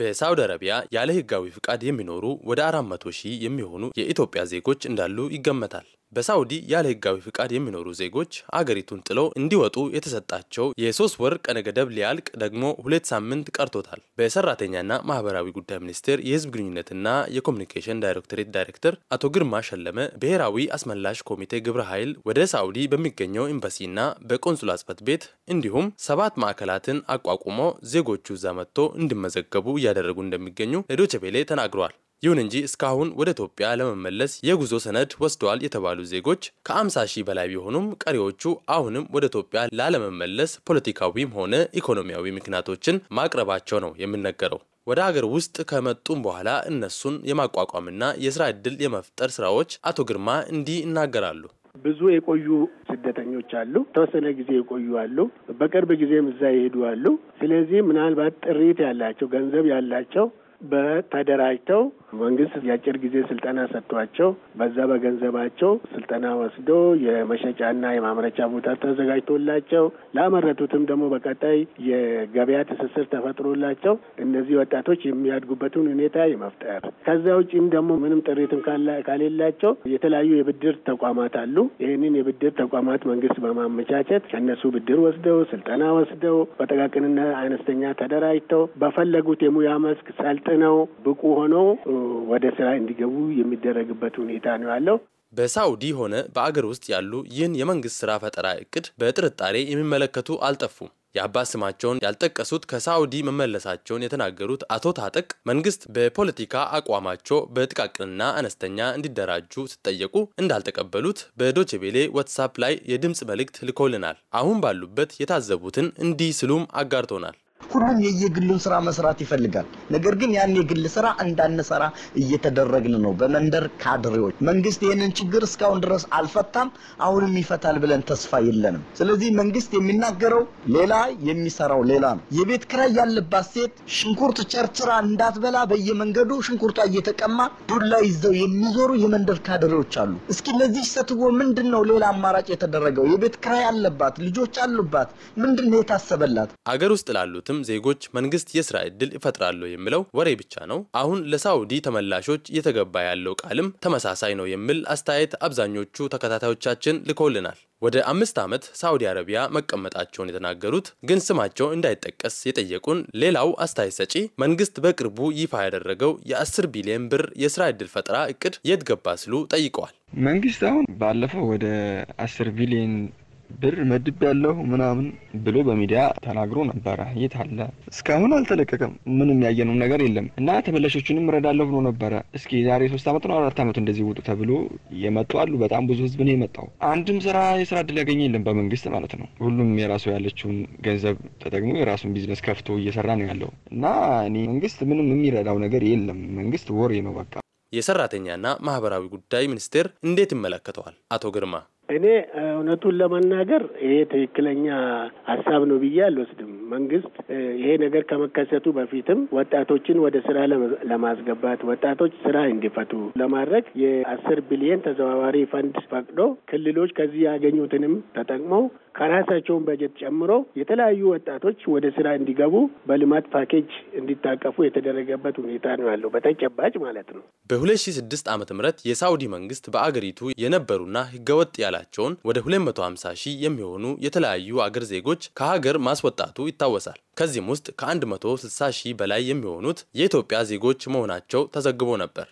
በሳውዲ አረቢያ ያለ ህጋዊ ፍቃድ የሚኖሩ ወደ አራት መቶ ሺህ የሚሆኑ የኢትዮጵያ ዜጎች እንዳሉ ይገመታል። በሳውዲ ያለ ህጋዊ ፍቃድ የሚኖሩ ዜጎች አገሪቱን ጥለው እንዲወጡ የተሰጣቸው የሶስት ወር ቀነ ገደብ ሊያልቅ ደግሞ ሁለት ሳምንት ቀርቶታል። በሰራተኛና ማህበራዊ ጉዳይ ሚኒስቴር የህዝብ ግንኙነትና የኮሚኒኬሽን ዳይሬክቶሬት ዳይሬክተር አቶ ግርማ ሸለመ ብሔራዊ አስመላሽ ኮሚቴ ግብረ ኃይል ወደ ሳውዲ በሚገኘው ኤምባሲና በቆንሱላ ጽሕፈት ቤት እንዲሁም ሰባት ማዕከላትን አቋቁሞ ዜጎቹ እዛ መጥቶ እንዲመዘገቡ እያደረጉ እንደሚገኙ ለዶቼ ቬለ ተናግረዋል። ይሁን እንጂ እስካሁን ወደ ኢትዮጵያ ለመመለስ የጉዞ ሰነድ ወስደዋል የተባሉ ዜጎች ከ50 ሺህ በላይ ቢሆኑም ቀሪዎቹ አሁንም ወደ ኢትዮጵያ ላለመመለስ ፖለቲካዊም ሆነ ኢኮኖሚያዊ ምክንያቶችን ማቅረባቸው ነው የሚነገረው። ወደ አገር ውስጥ ከመጡም በኋላ እነሱን የማቋቋምና የስራ እድል የመፍጠር ስራዎች አቶ ግርማ እንዲህ ይናገራሉ። ብዙ የቆዩ ስደተኞች አሉ። ተወሰነ ጊዜ የቆዩ አሉ። በቅርብ ጊዜም እዛ ይሄዱ አሉ። ስለዚህ ምናልባት ጥሪት ያላቸው ገንዘብ ያላቸው በተደራጅተው መንግስት የአጭር ጊዜ ስልጠና ሰጥቷቸው በዛ በገንዘባቸው ስልጠና ወስዶ የመሸጫና የማምረቻ ቦታ ተዘጋጅቶላቸው ላመረቱትም ደግሞ በቀጣይ የገበያ ትስስር ተፈጥሮላቸው እነዚህ ወጣቶች የሚያድጉበትን ሁኔታ የመፍጠር ከዛ ውጭም ደግሞ ምንም ጥሪትም ካሌላቸው የተለያዩ የብድር ተቋማት አሉ። ይህንን የብድር ተቋማት መንግስት በማመቻቸት ከእነሱ ብድር ወስደው ስልጠና ወስደው በጠቃቅንና አነስተኛ ተደራጅተው በፈለጉት የሙያ መስክ ሰልጠ ሰልጥነው ብቁ ሆነው ወደ ስራ እንዲገቡ የሚደረግበት ሁኔታ ነው ያለው። በሳውዲ ሆነ በአገር ውስጥ ያሉ ይህን የመንግስት ስራ ፈጠራ እቅድ በጥርጣሬ የሚመለከቱ አልጠፉም። የአባት ስማቸውን ያልጠቀሱት ከሳውዲ መመለሳቸውን የተናገሩት አቶ ታጠቅ መንግስት በፖለቲካ አቋማቸው በጥቃቅንና አነስተኛ እንዲደራጁ ሲጠየቁ እንዳልተቀበሉት በዶችቤሌ ዋትሳፕ ላይ የድምፅ መልእክት ልኮልናል። አሁን ባሉበት የታዘቡትን እንዲህ ስሉም አጋርቶናል። ሁሉም የየግሉን ስራ መስራት ይፈልጋል። ነገር ግን ያን የግል ስራ እንዳንሰራ እየተደረግን ነው በመንደር ካድሬዎች። መንግስት ይህንን ችግር እስካሁን ድረስ አልፈታም፣ አሁንም ይፈታል ብለን ተስፋ የለንም። ስለዚህ መንግስት የሚናገረው ሌላ፣ የሚሰራው ሌላ ነው። የቤት ክራይ ያለባት ሴት ሽንኩርት ቸርችራ እንዳትበላ በየመንገዱ ሽንኩርቷ እየተቀማ ዱላ ይዘው የሚዞሩ የመንደር ካድሬዎች አሉ። እስኪ ለዚህ ሰትቦ ምንድን ነው ሌላ አማራጭ የተደረገው? የቤት ክራይ አለባት፣ ልጆች አሉባት፣ ምንድን ነው የታሰበላት? አገር ውስጥ ላሉት በመንግስትም ዜጎች መንግስት የስራ ዕድል ይፈጥራሉ የሚለው ወሬ ብቻ ነው። አሁን ለሳውዲ ተመላሾች እየተገባ ያለው ቃልም ተመሳሳይ ነው የሚል አስተያየት አብዛኞቹ ተከታታዮቻችን ልኮልናል። ወደ አምስት ዓመት ሳውዲ አረቢያ መቀመጣቸውን የተናገሩት ግን ስማቸው እንዳይጠቀስ የጠየቁን ሌላው አስተያየት ሰጪ መንግስት በቅርቡ ይፋ ያደረገው የ10 ቢሊዮን ብር የስራ ዕድል ፈጠራ እቅድ የት ገባ ሲሉ ጠይቀዋል። መንግስት አሁን ባለፈው ወደ 10 ቢሊዮን ብር መድብ ያለው ምናምን ብሎ በሚዲያ ተናግሮ ነበረ። የት አለ? እስካሁን አልተለቀቀም። ምንም ያየነው ነገር የለም እና ተመላሾቹንም እረዳለሁ ብሎ ነበረ። እስኪ ዛሬ ሶስት አመት ነው አራት አመት እንደዚህ ውጡ ተብሎ የመጡ አሉ። በጣም ብዙ ህዝብ ነው የመጣው። አንድም ስራ የስራ እድል ያገኘ የለም በመንግስት ማለት ነው። ሁሉም የራሱ ያለችውን ገንዘብ ተጠቅሞ የራሱን ቢዝነስ ከፍቶ እየሰራ ነው ያለው እና እኔ መንግስት ምንም የሚረዳው ነገር የለም። መንግስት ወሬ ነው በቃ። የሰራተኛና ማህበራዊ ጉዳይ ሚኒስቴር እንዴት ይመለከተዋል? አቶ ግርማ እኔ እውነቱን ለመናገር ይሄ ትክክለኛ ሀሳብ ነው ብዬ አልወስድም። መንግስት ይሄ ነገር ከመከሰቱ በፊትም ወጣቶችን ወደ ስራ ለማስገባት ወጣቶች ስራ እንዲፈቱ ለማድረግ የአስር ቢሊየን ተዘዋዋሪ ፈንድ ፈቅዶ ክልሎች ከዚህ ያገኙትንም ተጠቅመው ከራሳቸውን በጀት ጨምሮ የተለያዩ ወጣቶች ወደ ስራ እንዲገቡ በልማት ፓኬጅ እንዲታቀፉ የተደረገበት ሁኔታ ነው ያለው በተጨባጭ ማለት ነው። በ2006 ዓ ም የሳውዲ መንግስት በአገሪቱ የነበሩና ህገወጥ ያላቸውን ወደ 250 ሺህ የሚሆኑ የተለያዩ አገር ዜጎች ከሀገር ማስወጣቱ ይታወሳል። ከዚህም ውስጥ ከ160 ሺህ በላይ የሚሆኑት የኢትዮጵያ ዜጎች መሆናቸው ተዘግቦ ነበር።